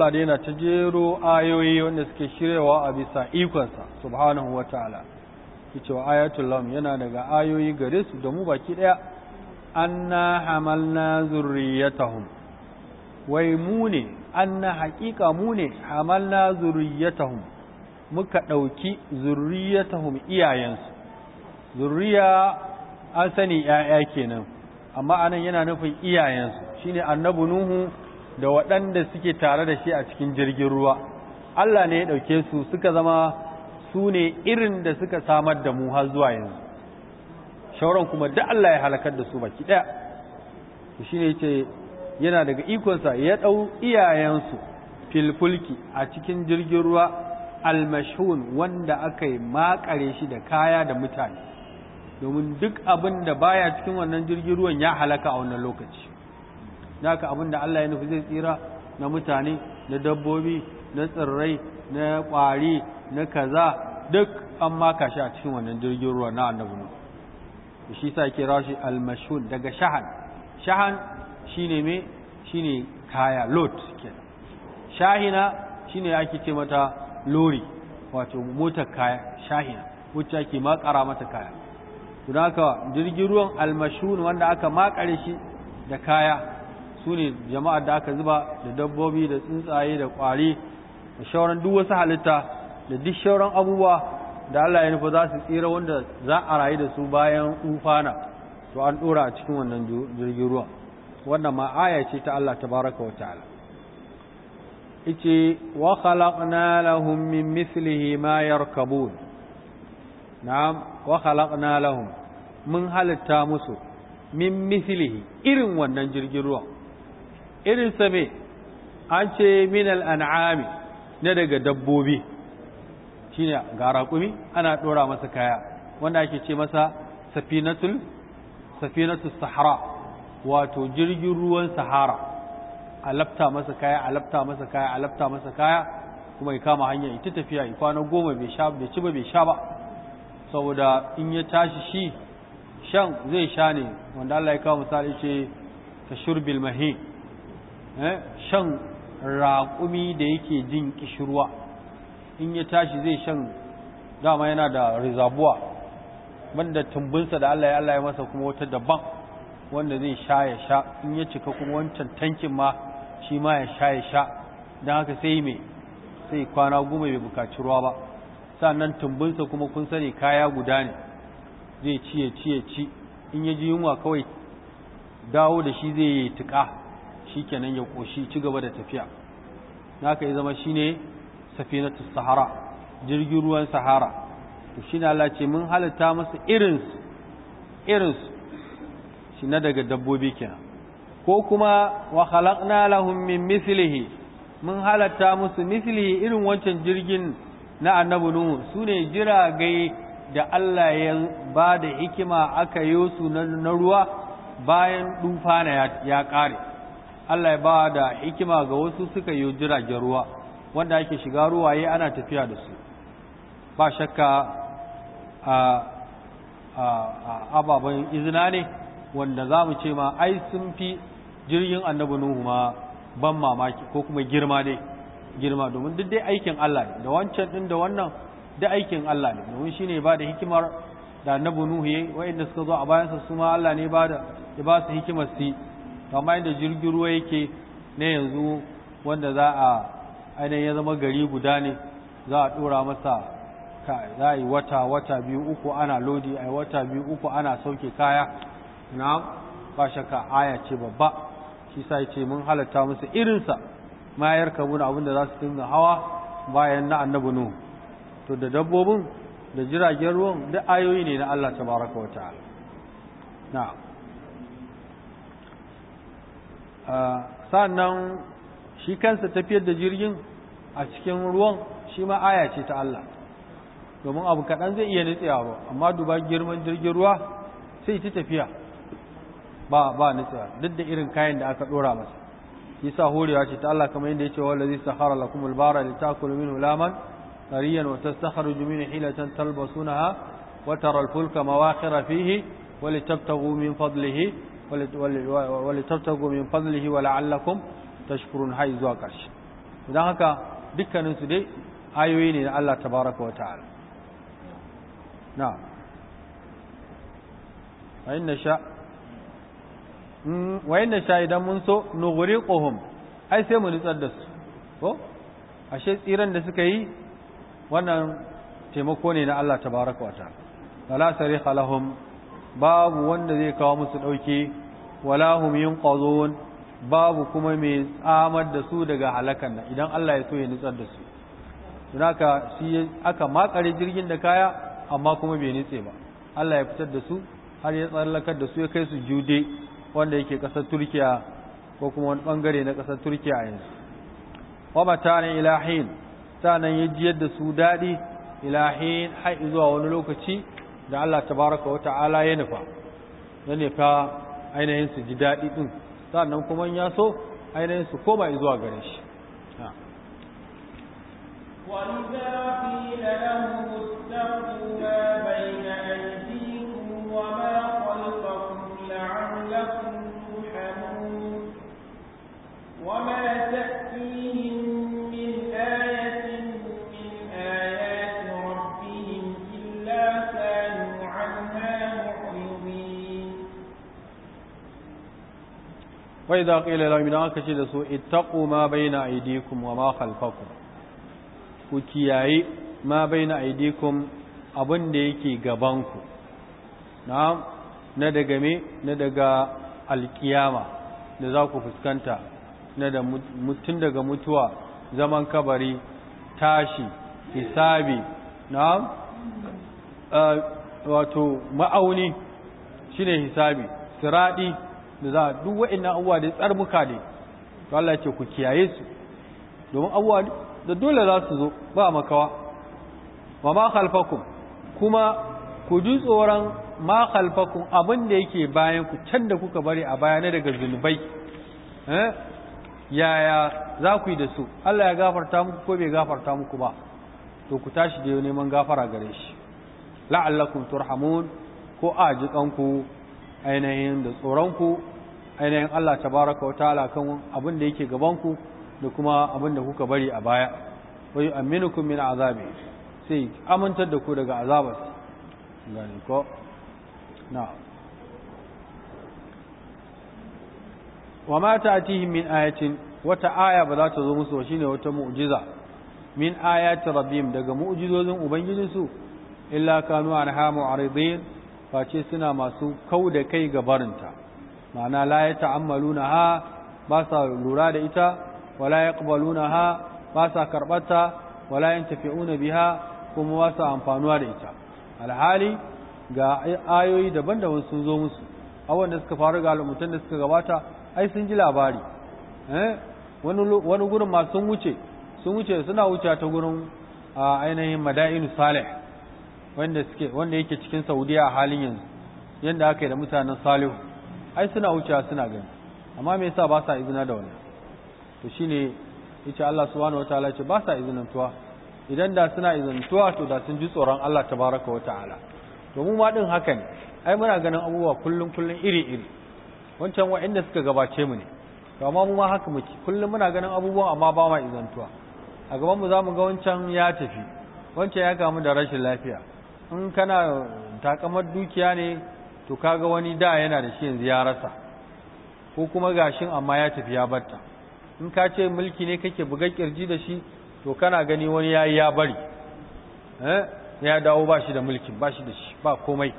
Allah da yana ta jero ayoyi wanda suke shirewa a bisa ikonsa subhanahu wa ta'ala kice wa ayatul lam yana daga ayoyi gare su da mu baki daya anna hamalna zurriyatahum wai mu ne anna haqiqa mu ne hamalna zurriyatahum muka dauki zurriyatahum iyayensu zurriya an sani yaya kenan amma anan yana nufin iyayensu shine annabi nuhu da waɗanda suke tare da shi a cikin jirgin ruwa Allah ne ya ɗauke su suka zama su ne irin da suka samar da mu har zuwa yanzu shauran kuma da Allah ya halakar da su baki ɗaya shi ne ce yana daga ikonsa ya ɗau iyayensu filfulki a cikin jirgin ruwa almashhun wanda aka yi makare shi da kaya da mutane domin duk abin da baya cikin wannan jirgin ruwan ya halaka a wannan lokaci naka haka abin da Allah ya nufi zai tsira na mutane na dabbobi na tsirrai na ƙwari na kaza duk an maka shi a cikin wannan jirgin ruwa na annabi shi sa kira shi almashhud daga shahan shahan shine me shine kaya lot kenan shahina shine ake ce mata lori wato motar kaya shahina wacce ake makara mata kaya don haka jirgin ruwan almashhud wanda aka makare shi da kaya su ne jama'ar da aka zuba da dabbobi da tsuntsaye da ƙwari da shauran duk wasu halitta da duk shauran abubuwa da Allah ya nufa za su tsira wanda za a rayu da su bayan ufana to an ɗora a cikin wannan jirgin ruwa wannan ma aya ce ta Allah tabaraka wa ta'ala ice wa khalaqna lahum min mithlihi ma yarkabun na'am wa khalaqna lahum mun halitta musu min mithlihi irin wannan jirgin ruwa irin same an ce min al'an'ami na daga dabbobi shine ga raƙumi ana ɗora masa kaya wanda ake ce masa safinatul sahara wato jirgin ruwan sahara a lafta masa kaya a lafta masa kaya a lafta masa kaya kuma ya kama hanya ita tafiya ya kwana goma bai ci ba bai sha ba saboda in ya tashi shi shan zai sha ne wanda Allah ya kawo misali ce ka shurbil mahin Eh, shan raƙumi da yake jin ƙishirwa in ya tashi zai shan dama yana da rizabuwa banda tumbinsa da Allah ya Allah ya masa kuma wata daban wanda zai sha ya sha in ya cika kuma wancan tankin ma shi ma ya sha ya sha don haka sai mai sai kwana goma bai bukaci ruwa ba sannan tumbinsa kuma kun sani kaya guda ne zai ci ya ci ci in ya ji yunwa kawai dawo da shi zai yi tuƙa shikenan ya koshi ci gaba da tafiya naka ya zama shine safinatu sahara jirgin ruwan sahara to shine Allah ce mun halatta masa irin irin shi na daga dabbobi kenan ko kuma wa khalaqna lahum min mithlihi mun halatta musu mithlihi irin wancan jirgin na annabi nuhu sune jiragai da Allah ya ba da hikima aka yi su na ruwa bayan dufa ya ƙare Allah ya ba da hikima ga wasu suka yi jiragen ruwa wanda ake shiga ruwaye ana tafiya da su ba shakka a ababen izina ne wanda za mu ce ma ai sun fi jirgin annabi nuhu ma ban mamaki ko kuma girma dai girma domin duk dai aikin Allah ne da wancan din da wannan da aikin Allah ne domin shine ba da hikimar da annabi nuhu yayi wa'inda suka zo a bayansa su ma Allah ne ba da ya ba su hikimar su kamar yadda jirgin ruwa yake na yanzu wanda za a ainihin ya zama gari guda ne za a ɗora masa za a yi wata wata biyu uku ana lodi a yi wata biyu uku ana sauke kaya na ba shakka aya ce babba shi sa ce mun halatta musu irinsa mayar na abin da za su dinga hawa bayan na annabi nuhu to da dabbobin da jiragen ruwan duk ayoyi ne na Allah tabaraka wa ta'ala na'am Ah, sannan shi kansa tafiyar da jirgin a cikin ruwan shi ma aya ce ta Allah domin abu kaɗan zai iya nutsewa ba amma duba girman jirgin ruwa sai ta tafiya ba ba nutsewa duk da irin kayan da aka ɗora masa yasa horewa ce ta Allah kamar yadda ya ce wallazi sahara lakum albara litakulu minhu laman طريا وتستخرج منه حيلة تلبسونها وترى الفلك fihi wali tabtagu min fadlihi walitabtagu min fadlihi wa la'allakum tashkurun hay zuwa ƙarshe don haka dukkanin su dai ayoyi ne na Allah tabaraka wa ta'ala na ayin sha wayin na sha idan mun so nughriquhum ai sai mu nutsar da su ko ashe tsiran da suka yi wannan taimako ne na Allah tabaraka wa ta'ala wala sariha lahum babu wanda zai kawo musu ɗauke wala ƙwazo yunqazun babu kuma mai tsamar da su daga halakan nan idan Allah ya so ya nutsar da su don haka shi aka makare jirgin da kaya amma kuma bai nitse ba Allah ya fitar da su har ya tsallakar da su ya kai su jude wanda yake ƙasar Turkiya ko kuma wani bangare na ƙasar Turkiya a yanzu wa matana ilahin sanan ya jiyar da su daɗi ilahin har zuwa wani lokaci da Allah ta tabaraka wata ala ya nufa na ya ainihin su ji daɗi ɗin sannan kuma ya so ainihin su koma zuwa gare shi وإذا قيل لهم wai idza ƙila lahum idan aka ce da su ittaqu ma baina aydikum wa ma khalfakum ku kiyaye ma baina aydikum abin da yake gabanku na'am na daga me na daga alkiyama da za ku fuskanta na da mutun daga mutuwa zaman kabari tashi hisabi na'am wato ma'auni shine hisabi siradi da za duk wa'annan abubuwa da tsarmuka ne to Allah ce ku kiyaye su domin abubuwa da dole za su zo ba makawa wa ma khalfakum kuma ku ji tsoron ma khalfakum abin da yake bayan ku can da kuka bari a baya na daga zunubai eh? yaya za ku yi da su Allah ya gafarta muku ko bai gafarta muku ba to ku tashi da neman gafara gare shi la'allakum turhamun ko a ji kanku ainihin da tsoronku ainihin Allah Ta baraka wa ta'ala kan abin da yake gabanku da kuma abin da kuka bari a baya wa kun min azabi sai amintar da ku daga azabas. gani ko na wa ma min ayatin wata aya ba za ta zo musu shine wata mu'jiza min ayati rabbihim daga mu'jizozin ubangijinsu illa kanu anha mu'ridin face suna masu kau da kai ga barinta ma'ana la ya ta'ammaluna ha ba sa lura da ita wala ya yaqbaluna ha ba sa karbarta wala yantafi'una biha kuma ba sa amfanuwa da ita alhali ga ayoyi daban-daban sun zo musu awan da suka faru ga alamutan da suka gabata ai sun ji labari eh? wani gurin ma sun wuce sun wuce suna wuce ta gurin ainihin madainu salih wanda suke wanda yake cikin Saudiya a halin yanzu yanda aka yi da mutanen Salihu ai suna wucewa suna gani amma me yasa ba sa izina da wannan to shine yace Allah subhanahu wataala yace ba sa izinantuwa idan da suna izinantuwa to da sun ji tsoron Allah tabaraka ala to mu ma din haka ne ai muna ganin abubuwa kullun kullun iri iri wancan wa inda suka gabace mu ne to amma mu ma haka muke kullun muna ganin abubuwa amma ba ma izantuwa a gaban mu za mu ga wancan ya tafi wancan ya kamu da rashin lafiya in kana takamar dukiya ne to kaga wani da yana da shi yanzu ya rasa ko kuma gashin amma ya tafi ya batta in ka ce mulki ne kake buga kirji da shi to kana gani wani yayi ya bari eh ya dawo ba shi da mulkin ba shi da shi ba komai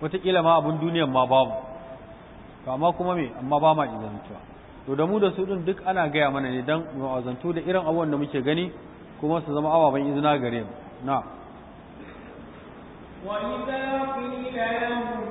wataƙila ma abin duniyan ma babu to amma kuma me amma ba ma izantuwa to da mu da su din duk ana gaya mana ne don mu da irin abubuwan da muke gani kuma su zama ababen izina gare mu na'am وإذا قيل لهم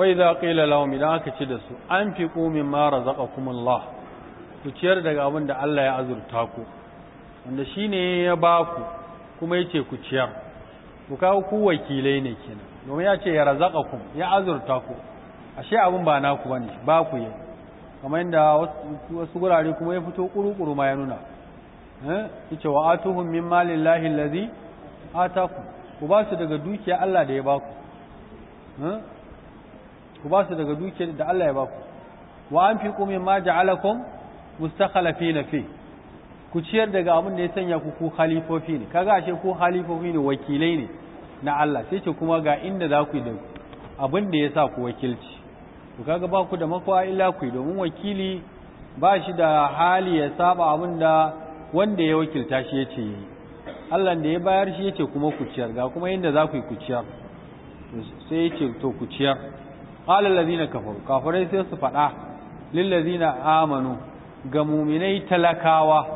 wai za ƙila lahum idan aka ci da su an fi ƙumin mara zaƙa kuma Allah ku ciyar daga abin da Allah ya azurta ku wanda shi ne ya ba ku kuma ya ce ku ciyar ku kawo ku wakilai ne kenan domin ya ce ya razaƙa ku ya azurta ku ashe abin ba naku ba ne ba ku yi kamar yadda wasu gurare kuma ya fito ƙuruƙuru ma ya nuna eh, ya ce wa atuhun min malin lahi ataku ku ba su daga dukiya Allah da ya ba ku eh, ku ba su daga duke da Allah ya ba ku wa an fi kuma ma ja'alakum mustakhlifina fi ku ciyar daga abin da ya sanya ku ku khalifofi ne kaga ashe ku khalifofi ne wakilai ne na Allah sai ce kuma ga inda za ku yi da abin da ya sa ku wakilci to kaga ba ku da makwa illa ku domin wakili ba shi da hali ya saba abin da wanda ya wakilta shi ya ce Allah da ya bayar shi ya ce kuma ku ciyar ga kuma inda za ku yi ku ciyar sai ya ce to ku ciyar قال الذين كفروا kafirai sai su faɗa للذين amanu ga muminai talakawa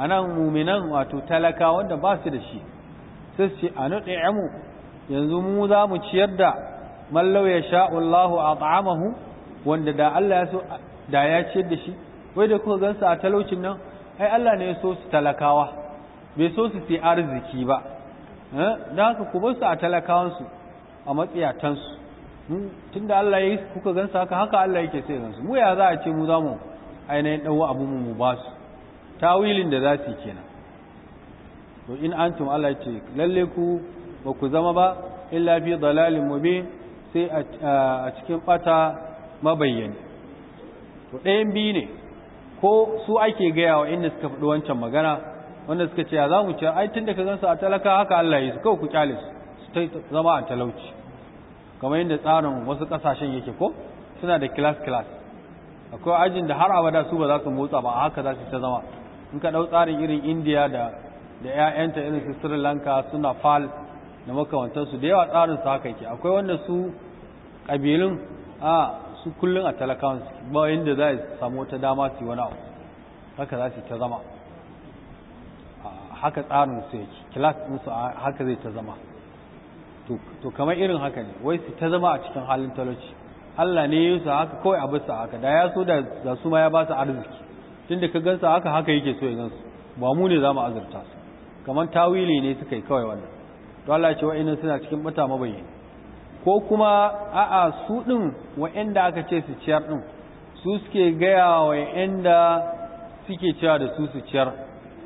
anan muminan wato talakawa wanda ba su da shi sai su ce anudimu yanzu mu za mu ciyar da mallau ya sha'ullahu at'amahu wanda da Allah ya so da ya ciyar da shi wai da kuka gansu a talaucin nan ai Allah ne ya so su talakawa bai so su sai arziki ba dan haka ku bar su a talakawansu a matsiyatansu Tun da Allah yi kuka gansa haka haka Allah yake sai gansu mu ya za a ce mu za mu ainihin dawo abu mu mu ba su tawilin da za su kenan to in an tun Allah ce lalle ku ba ku zama ba illa fi dalalin bi sai a cikin bata mabayyani to ɗayan biyu ne ko su ake gaya wa inda suka faɗi wancan magana wanda suka ce ya za mu ce ai tun da ka gansa a talaka haka Allah yi su kawai ku kyale su zama a talauci kamar yadda tsarin wasu kasashen yake ko suna da class class akwai ajin da har abada su ba za su motsa ba haka za su ta zama in ka dau tsarin irin India da da irin su Sri Lanka suna fal da makarantarsu da yawa tsarin su haka yake akwai wanda su kabilun a su kullum a talakawan su ba yadda za su samu wata dama su yi wani abu haka za su ta zama haka tsarin su yake class din su haka zai ta zama to kamar irin haka ne wai su ta zama a cikin halin talauci Allah ne ya su haka kawai abin sa haka da ya so da za su ma ya ba su arziki tunda ka gansa haka haka yake so ya gansu ba mu ne za mu azurta su kamar tawili ne suka yi kawai wannan to Allah ce wa'in suna cikin bata mabayi ko kuma a'a su din da aka ce su ciyar din su suke gaya da suke cewa da su su ciyar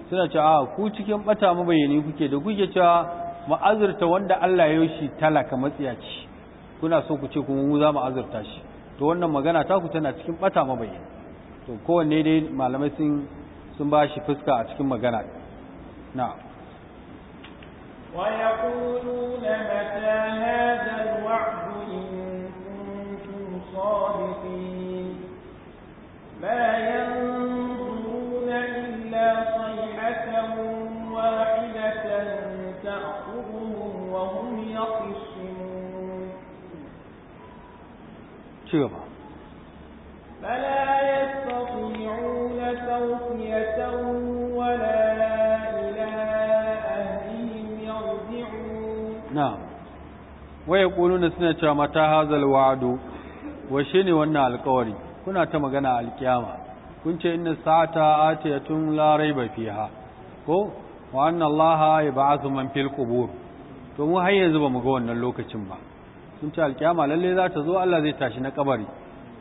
suna cewa a ku cikin bata mabayani kuke da kuke cewa mu azurta wanda Allah ya shi talaka matsiyaci kuna so ku ce kuma mu za mu azurta shi to wannan magana ta ku tana cikin bata mabayyana to kowanne dai malamai sun sun ba shi fuska a cikin magana na ويقولون متى هذا الوعد إن كنتم صادقين ما Hörer. Na, kulu na suna cewa mata hazal wa'adu, wa shi ne wannan alkawari, kuna ta magana alkiyama, kun ce ina sa'ata a teyatun larai ba fi ha, ko, wa'annan Allah ya ba a to mu har yanzu ba mu ga wannan lokacin ba. sun ce alkiyama lalle za ta zo Allah zai tashi na kabari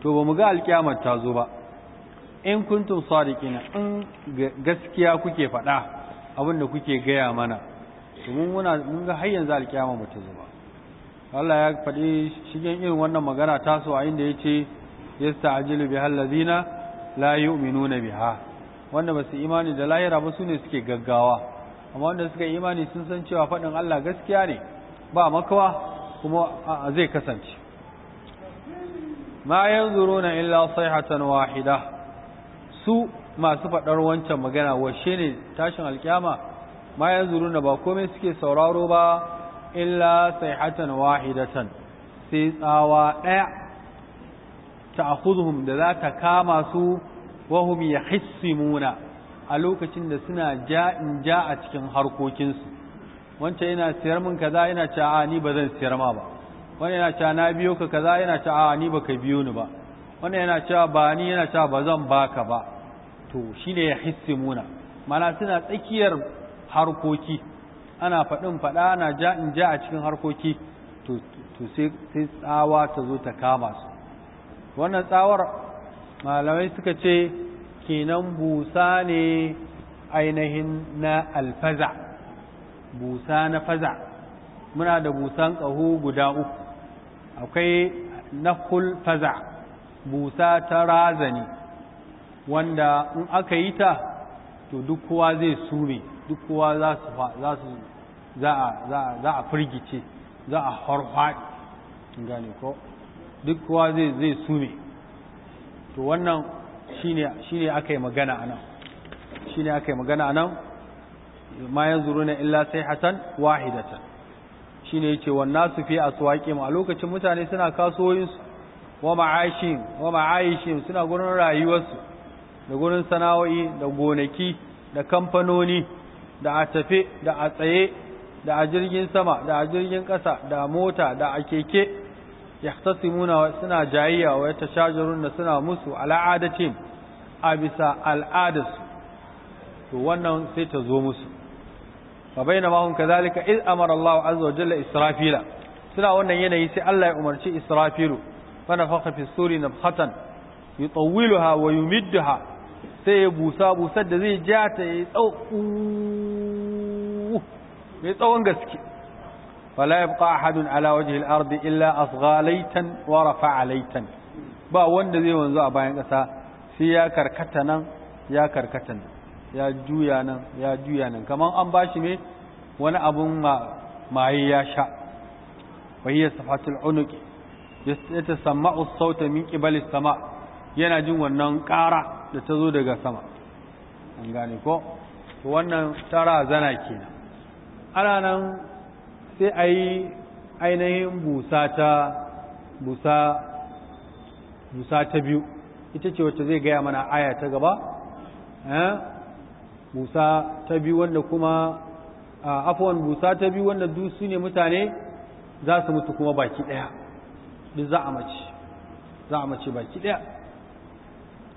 to ba mu ga alkiyamar ta zo ba in kuntum sadiqina in gaskiya kuke faɗa abin da kuke gaya mana to mun muna mun ga har yanzu alkiyama ba ta zo ba Allah ya faɗi shigen irin wannan magana ta so a inda yace yasta'jilu bihal ladina la yu'minuna biha wanda ba su imani da lahira ba su ne suke gaggawa amma wanda suka imani sun san cewa faɗin Allah gaskiya ne ba makawa kuma zai kasance ma na illa sayhatan wahida su masu faɗar wancan magana washe ne tashin alkyama ma zuruna ba komai suke sauraro ba illa wahida wahidatan sai tsawa ɗaya ta akuzuhun da za ta kama su wahum muna a lokacin da suna ja in ja a cikin harkokinsu wancan yana siyar min kaza yana ce a ni ba zan siyar ma ba wani yana ce na biyo ka kaza yana ce a ni ba ka biyo ni ba wani yana ce ba ni yana ce ba zan baka ba to shine ya muna mana suna tsakiyar harkoki ana faɗin faɗa ana ja in ja a cikin harkoki to sai tsawa ta zo ta kama su wannan tsawar malamai suka ce kenan busa ne ainihin na alfaza busa na faza muna da busan ƙaho guda uku akwai nahul faza busa ta razani wanda in aka yi ta to duk kowa zai sume duk kowa za su za a firgice za a harfaɗi gane ko duk kowa zai sume to wannan shine aka yi magana anan shine aka yi magana a nan ma yanzuruna illa sayhatan wahidatan shine yace wan nasu fi aswaqihim a lokacin mutane suna kasuwoyin su wa ma'ashin wa ma'aishin suna gurin rayuwarsu da gurin sana'o'i da gonaki da kamfanoni da a tafe da a tsaye da a jirgin sama da a jirgin ƙasa da mota da a keke yahtasimuna suna jayiya wa yatashajaruna suna musu al'adatin a bisa al'adarsu to wannan sai ta zo musu fa bainama hum kadhalika iz amara Allah azza wa jalla israfila suna wannan yanayi sai Allah ya umarci israfilu fa nafakha fi suri nafkhatan yutawwiluha wa yumidduha sai ya busa busar da zai ja ta yi tsawon gaske fala yabqa ahadun ala wajhi al-ardi illa asghalaitan wa rafa'alaitan ba wanda zai wanzu a bayan ƙasa sai ya karkata nan ya karkata ya juya nan ya juya nan kamar an ba shi ne wani abun maye ya sha wahiyar safatul unuki ya ta sama'u sauta min ƙibali sama yana jin wannan ƙara da ta zo daga sama an gane ko wannan tara zana kenan ana nan sai a yi ainihin busa ta busa busa ta biyu ita ce wacce zai gaya mana aya ta gaba eh? busa ta biyu wanda kuma afwan busa ta biyu wanda duk su ne mutane za su mutu kuma baki daya duk za a mace za a mace baki daya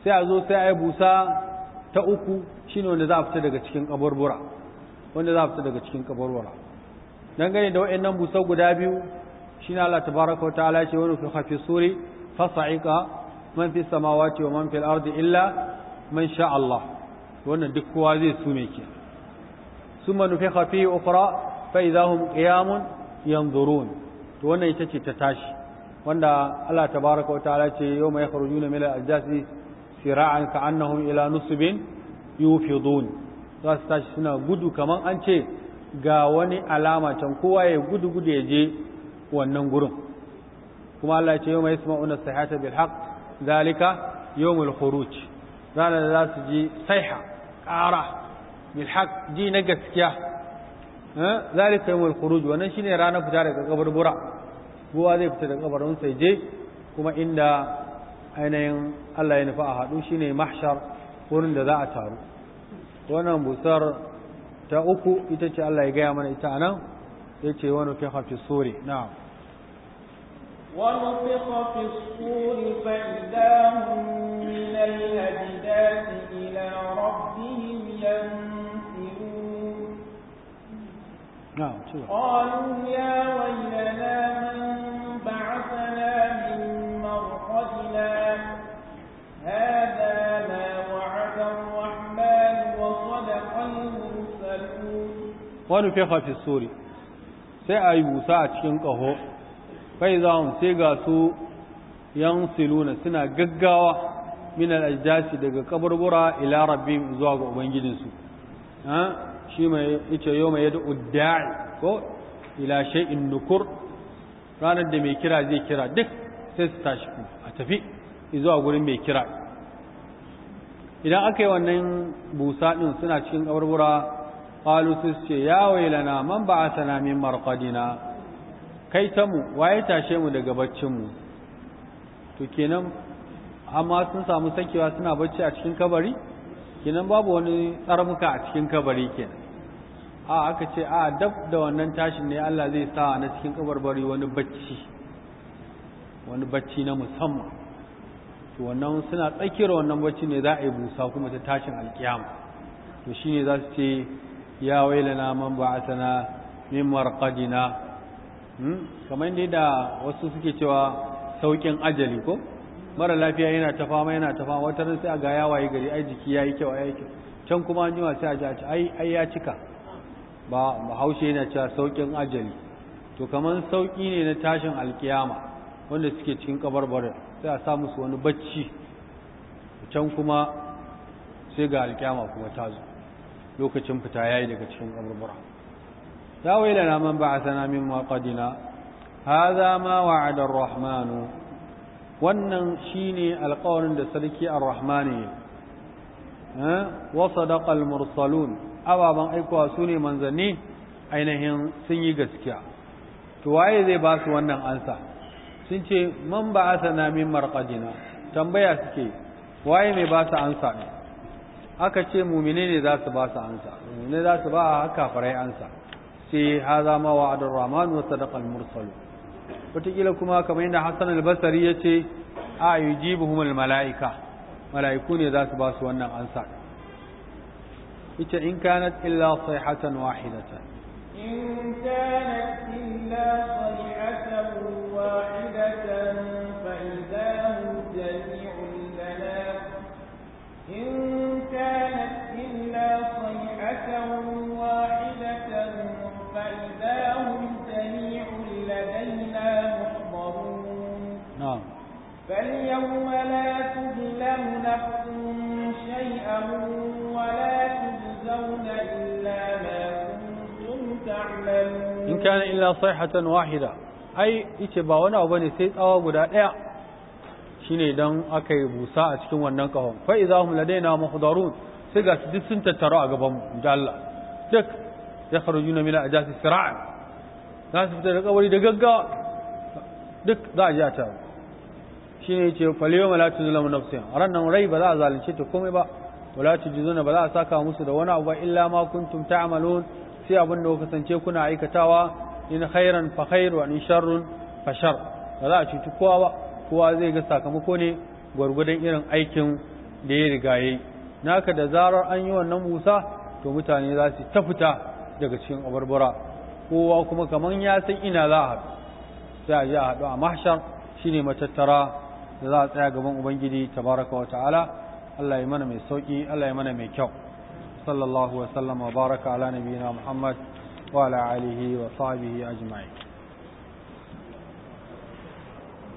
sai a zo sai a yi busa ta uku shine wanda za a fita daga cikin kaburbura wanda za a fita daga cikin kaburbura gane da wa'annan busa guda biyu shine Allah tabaaraka wa ta'ala ce wani fi hafi suri fasa'iqa man fi samawati wa man fil ardi illa man sha Allah wannan duk kowa zai sume ke Su nufikha hafi, ukhra fa idahum qiyamun yanzurun to wannan ita ce ta tashi wanda Allah baraka wata ala ce yawma yakhrujuna min al-ajdathi sira'an ka'annahum ila nusbin yufidun za su tashi suna gudu kamar an ce ga wani alama can kowa ya gudu gudu ya je wannan gurin kuma Allah ya ce yawma yasma'una sahihata bil haqq zalika yawmul khuruj ranar da za su ji saiha ƙara bilhaq ji na gaskiya eh, zalika yawmul khuruj wannan shine ranar fita daga kaburbura kowa zai fita daga kabarin sai je kuma inda ainihin Allah ya nufa a haɗu shine mahshar wurin da za a taru wannan busar ta uku ita ce Allah ya gaya mana ita anan yace wani fi hafi sore na'am ونفخ في الصور فإذا هم من الأجداث إلى ربهم ينفرون نعم، قالوا يا ويلنا من بعثنا من مرقدنا هذا ما وعد الرحمن وصدق المرسلون ونفخ في الصور sai a yi busa a fai sai ga su yan siluna suna gaggawa min al'ajjashi daga kaburbura ila rabbim zuwa ga ubangijinsu shi mai ita yau mai yadda udda'i ko ila shay'in nukur ranar da mai kira zai kira duk sai su tashi a tafi zuwa gurin mai kira idan aka yi wannan busa din suna cikin kaburbura qalu sai ce ya wailana man ba'athana min marqadina kai ta mu waye tashe mu daga baccin mu to kenan amma sun samu sakewa suna bacci a cikin kabari kenan babu wani tsarmuka a cikin kabari kenan a aka ce a dab da wannan tashin ne Allah zai sa na cikin kabarbari wani bacci wani bacci na musamman to wannan suna tsakiyar wannan bacci ne za a yi busa kuma ta tashin alkiyama to shine za su ce ya wailana man ba'athana min marqadina Hmm? kamar dai da wasu suke cewa saukin ajali ko mara lafiya yana ta fama yana ta fama wata sai a ga yawaye gari ai jiki yayi kyau ai kyau can kuma an jima sai a ji ci ai ai ya cika ba haushe yana cewa saukin ajali to kamar sauki ne na tashin alkiyama wanda suke cikin kabarbarin sai a sa musu wani bacci can kuma sai ga alkiyama kuma ta zo lokacin fita yayi daga cikin kabarbara يا ويلنا من بعثنا من مرقدنا هذا ما وعد الرحمن wannan shine alƙawarin da sarki arrahmani rahmani eh wa sadaqal mursalun ababan aikowa sune manzanni ainihin sun yi gaskiya to waye zai ba su wannan ansa sun ce man ba ba'athana min marqadina tambaya suke waye mai ba su ansa ne aka ce mu'mine ne za su ba su ansa mu'mine za su ba haka farai ansa sai haza ma wa wa'adar rahman wa sadaqal mursal wataƙila kuma kamar yadda hassan albasari ya ce a yujibuhum mala'ika mala'iku ne za su ba su wannan ansa ita in kanat illa sai wahidatan in kanat illa sai In شيئا ولا تجزون إلا ai yace ba wani abu ne sai tsawa guda ɗaya shine dan akai busa a cikin wannan kahon fa idza hum ladaina muhdarun sai ga su duk sun tattaro a gaban mu da Allah duk ya na min ajasi sira'a za su fita da kabari da gaggawa duk za a ji a taru shi ne ce faliyo ma lati zulamu nafsin nan rai ba za a zalunce ta komai ba lati tujzuna ba za a saka musu da wani abu illa ma kuntum ta'malun sai abin da kasance kuna aikatawa in khairan fa khair wa in sharrun fa shar ba za a cuci kowa ba kowa zai ga sakamako ne gwargwadon irin aikin da ya riga yayi naka da zarar an yi wannan musa to mutane za su ta fita daga cikin abarbara kowa kuma kaman ya san ina za a haɗu sai a je a haɗu a mahshar shine matattara da za a tsaya gaban ubangiji tabaraka wa ta'ala Allah yi mana mai sauki Allah yi mana mai kyau sallallahu wa sallama baraka ala nabiyina muhammad wa ala alihi wa sahbihi ajma'in